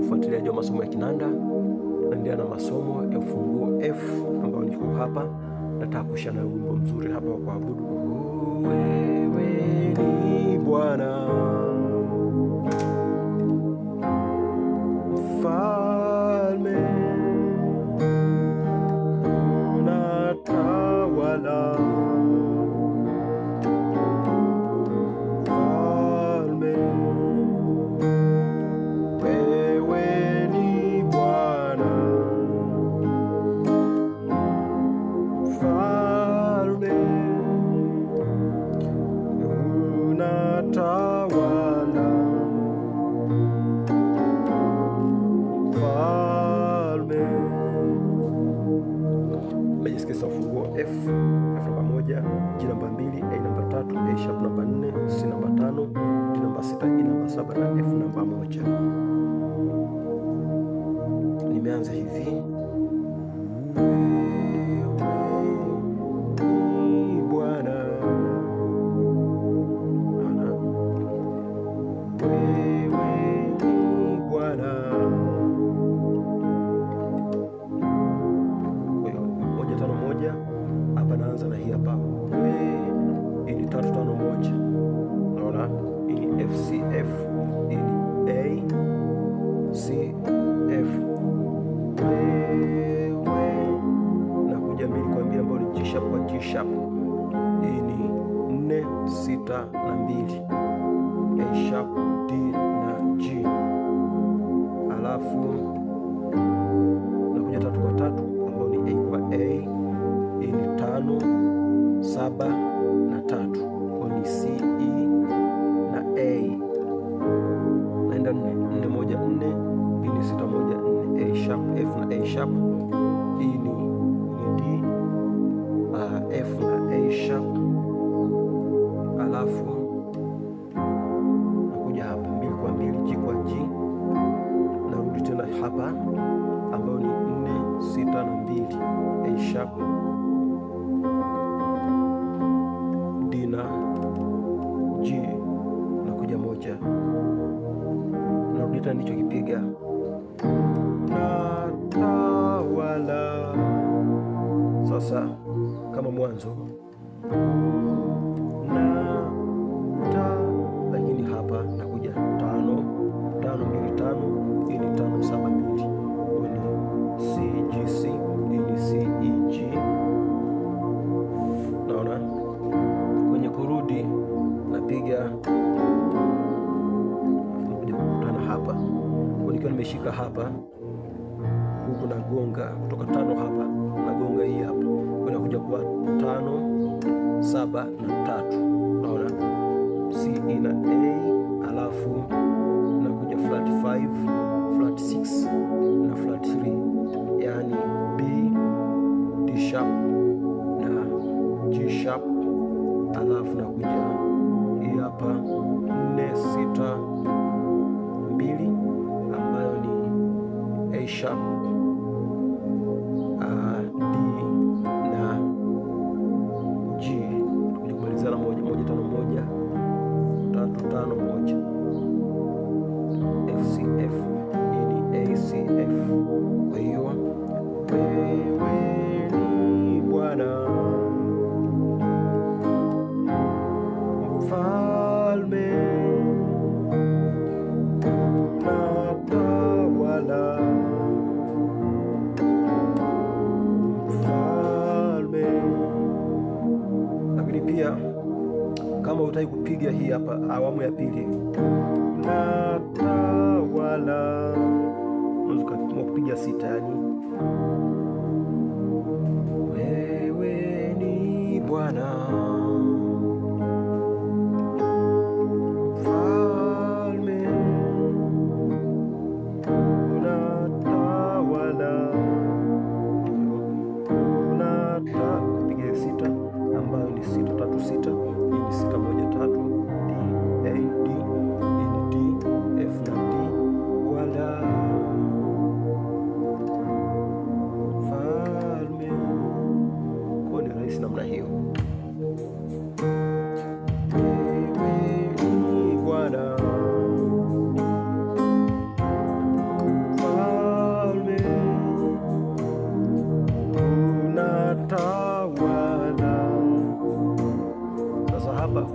katika wa masomo ya kinanda. Naendelea na masomo ya ufunguo F ambao niko hapa, nataka kushana wimbo mzuri hapa wa kuabudu wewe F, F namba moja, G namba mbili, A namba tatu, A sharp namba nne, C namba tano, D namba sita, E namba saba na F namba moja. Nimeanza hivi Bwana ana kuanzisha kwa G sharp. Hii ni nne sita na mbili, A sharp, D na G, alafu nakuja tatu kwa tatu ambao ni A kwa A. Hii ni tano saba na tatu, kwa ni C E na A. Naenda nne nne moja nne mbili sita moja nne, A sharp F na A sharp. Hii ni uh, F na A sharp, alafu nakuja hapa mbili kwa mbili, G kwa G, narudi tena hapa ambayo ni nne sita na mbili, A sharp, D na G, moja, narudi tena nilichokipiga na sasa mwanzo na ta, lakini hapa nakuja tano tano mbili tano, ili tano saba mbili, ni C G C, hii C E G. Naona kwenye kurudi napiga kukutana hapa, nikiwa nimeshika hapa unagonga kutoka tano hapa, unagonga hii hapa, unakuja kwa tano saba na tatu, unaona C e na A, alafu unakuja flat 5 flat 6 na flat 3, yani B D sharp na G sharp, alafu nakuja hii hapa nne sita mbili ambayo ni A sharp moja moja tano moja tatu tano moja FCF hii ni ACF. Kwa hiyo wewe ambao utaki kupiga hii hapa awamu ya pili, natawala kupiga sita yani